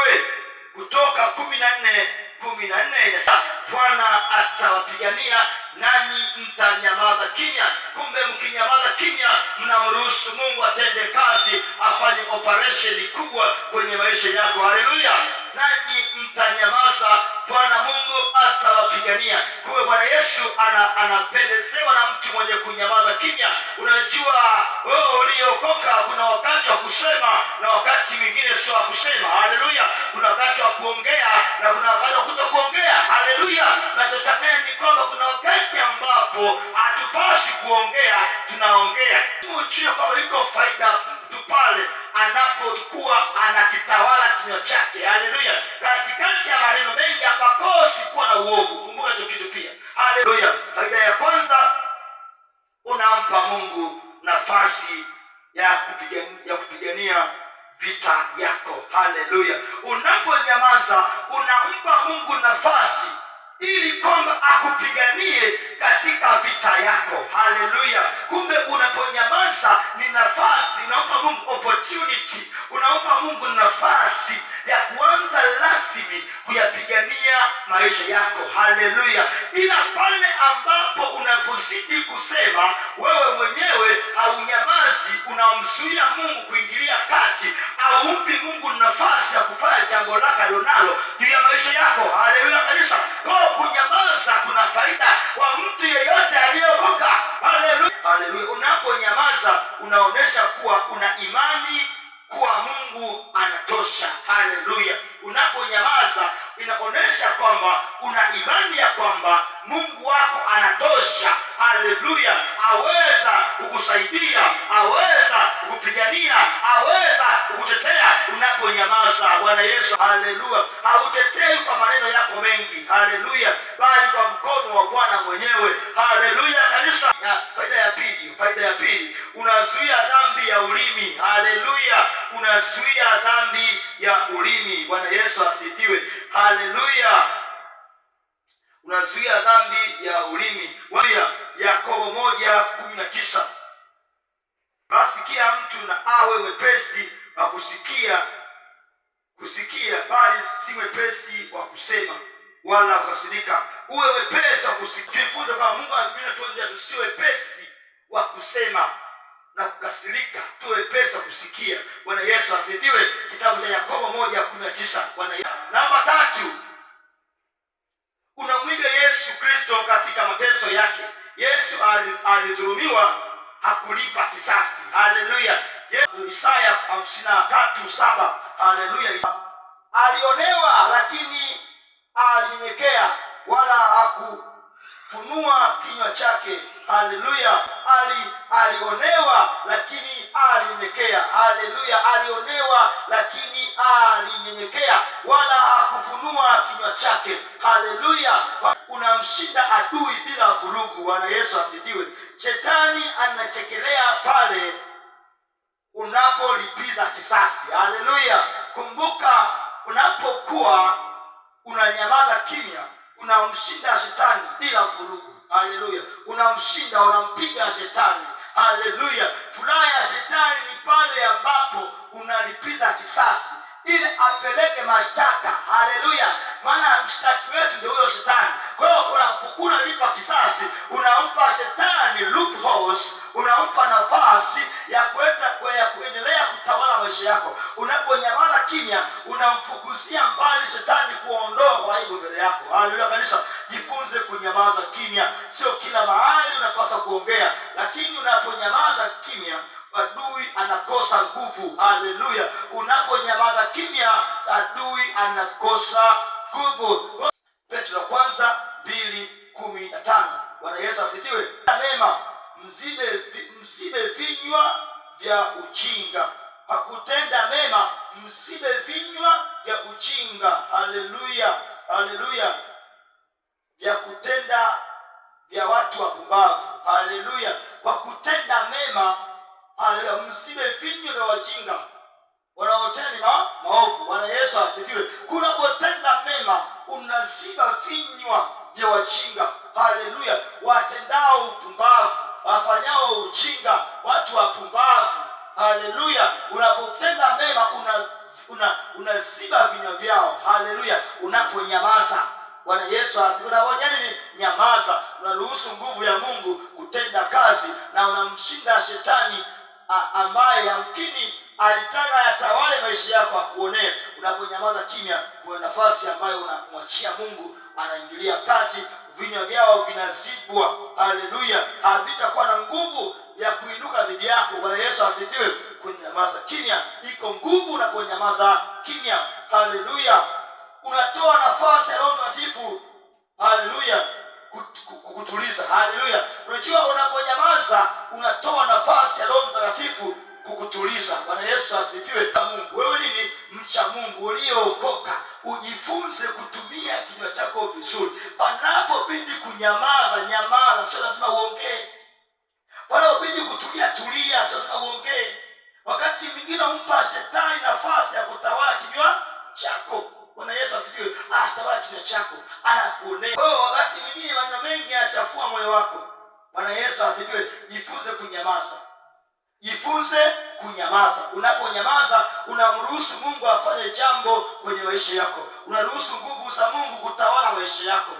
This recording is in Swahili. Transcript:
mwenyewe kutoka kumi na nne kumi na nne inasema Bwana atawapigania nanyi mtanyamaza kimya. Kumbe mkinyamaza kimya, mnamruhusu Mungu atende kazi, afanye operesheni kubwa kwenye maisha yako. Haleluya! nanyi mtanyamaza, Bwana Mungu atawapigania. Kumbe Bwana Yesu ana, anapendezewa na mtu mwenye kunyamaza kimya. Unajua wewe uliokoka, kuna wakati wa kusema na wakati mwingine sio wa kusema. Haleluya! kuna wakati wa kuongea na kuna wakati wa kuto kuongea. Haleluya! nachotamani ni kwamba kuna wakati ambapo hatupasi kuongea, tunaongea. tuchie kwamba iko faida mtu pale anapokuwa anakitawala kinywa chake. Haleluya! katikati ya maneno mengi haleluya unaponyamaza unampa mungu nafasi ili kwamba akupiganie katika vita yako haleluya kumbe unaponyamaza ni nafasi unampa mungu opportunity unampa mungu nafasi ya kuanza rasmi kuyapigania maisha yako haleluya ila pale ambapo unapozidi kusema wewe mwenyewe haunyamaza nafasi unamzuia Mungu kuingilia kati, aumpi Mungu nafasi ya kufanya jambo lake alionalo juu ya maisha yako. Haleluya kanisa. ko kunyamaza kuna faida kwa mtu yeyote aliyeokoka. Haleluya, Unaponyamaza unaonesha kuwa una imani kuwa Mungu anatosha. Haleluya. Unaponyamaza inaonyesha kwamba una imani ya kwamba Mungu wako anatosha. Haleluya, aweza kukusaidia kunyamaza. Bwana Yesu, haleluya. Hautetei kwa maneno yako mengi, haleluya, bali kwa mkono wa Bwana mwenyewe, haleluya kanisa. Na faida ya pili, faida ya pili, unazuia dhambi ya ulimi, haleluya, unazuia dhambi ya ulimi. Bwana Yesu asifiwe, haleluya unazuia dhambi ya ulimi. Waya Yakobo moja kumi na tisa basi kila mtu na awe wepesi wa kusikia kusikia, bali si mwepesi wa kusema wala kukasirika, uwe wepesi wa kusikia. Tujifunze Mungu anatuambia tusiwe wepesi wa kusema na kukasirika, tuwe wepesi wa kusikia. Bwana Yesu asifiwe. Kitabu cha Yakobo moja kumi na tisa. Bwana namba tatu, unamwiga Yesu Kristo katika mateso yake. Yesu alidhulumiwa hakulipa kisasi. Haleluya! Isaya hamsini na tatu saba. Haleluya! alionewa, lakini alinyekea, wala hakufunua kinywa chake. Haleluya! ali alionewa, lakini alinyekea. Haleluya! alionewa, lakini alinyenyekea wala hakufunua kinywa chake. Haleluya! unamshinda adui bila vurugu. Bwana Yesu asifiwe. Shetani anachekelea pale unapolipiza kisasi. Haleluya! kumbuka unapokuwa unanyamaza kimya, unamshinda shetani bila vurugu. Haleluya! Unamshinda, unampiga shetani. Haleluya! Furaha ya shetani ni pale ambapo unalipiza kisasi ili apeleke mashtaka. Haleluya! Maana mshtaki wetu ndio huyo shetani. Kwa hiyo unapokuwa lipa kisasi, unampa shetani loopholes, unampa nafasi ya kuendelea maisha yako. Unaponyamaza kimya, unamfukuzia mbali shetani kuondoa aibu mbele yako. Haleluya kanisa, jifunze kunyamaza kimya. Sio kila mahali unapaswa kuongea, lakini unaponyamaza kimya adui anakosa nguvu. Haleluya! Unaponyamaza kimya, adui anakosa nguvu. Petro kwanza mbili kumi na tano. Bwana Yesu asifiwe. Mema msibe vinywa vya uchinga hakutenda mema, msibe vinywa vya uchinga. Haleluya, haleluya, vya kutenda vya watu wapumbavu. Haleluya, kwa kutenda mema. Haleluya, msibe vinywa vya wachinga wanaotenda ma maovu. Bwana Yesu asifiwe. Kunapotenda mema, unaziba vinywa vya wachinga haleluya. Unapotenda mema una unaziba una vinywa vyao, haleluya. Unaponyamaza Bwana Yesu unafanya nini? Nyamaza, unaruhusu nguvu ya Mungu kutenda kazi na unamshinda shetani a, ambaye yamkini alitaka yatawale maisha yako akuonee. Unaponyamaza kimya, kuna nafasi ambayo unamwachia Mungu, anaingilia kati, vinywa vyao vinazibwa, haleluya. Havitakuwa na nguvu ya kuinuka dhidi yako. Bwana Yesu asifiwe kunyamaza kimya. Iko nguvu na kunyamaza kimya. Haleluya! unatoa nafasi ya Roho Mtakatifu haleluya kukutuliza. Haleluya! unajua unaponyamaza unatoa nafasi ya Roho Mtakatifu kukutuliza. Bwana Yesu asifiwe. Mungu wewe nini, mcha Mungu uliookoka ujifunze kutumia kinywa chako vizuri, panapobidi kunyamaza wakati mwingine umpa shetani nafasi ya kutawala kinywa chako bwana yesu asifiwe ah, atawala kinywa chako anakuonea wewe wakati mwingine maneno mengi yanachafua moyo wako bwana yesu asifiwe jifunze kunyamaza jifunze kunyamaza unaponyamaza unamruhusu mungu afanye jambo kwenye maisha yako unaruhusu nguvu za mungu kutawala maisha yako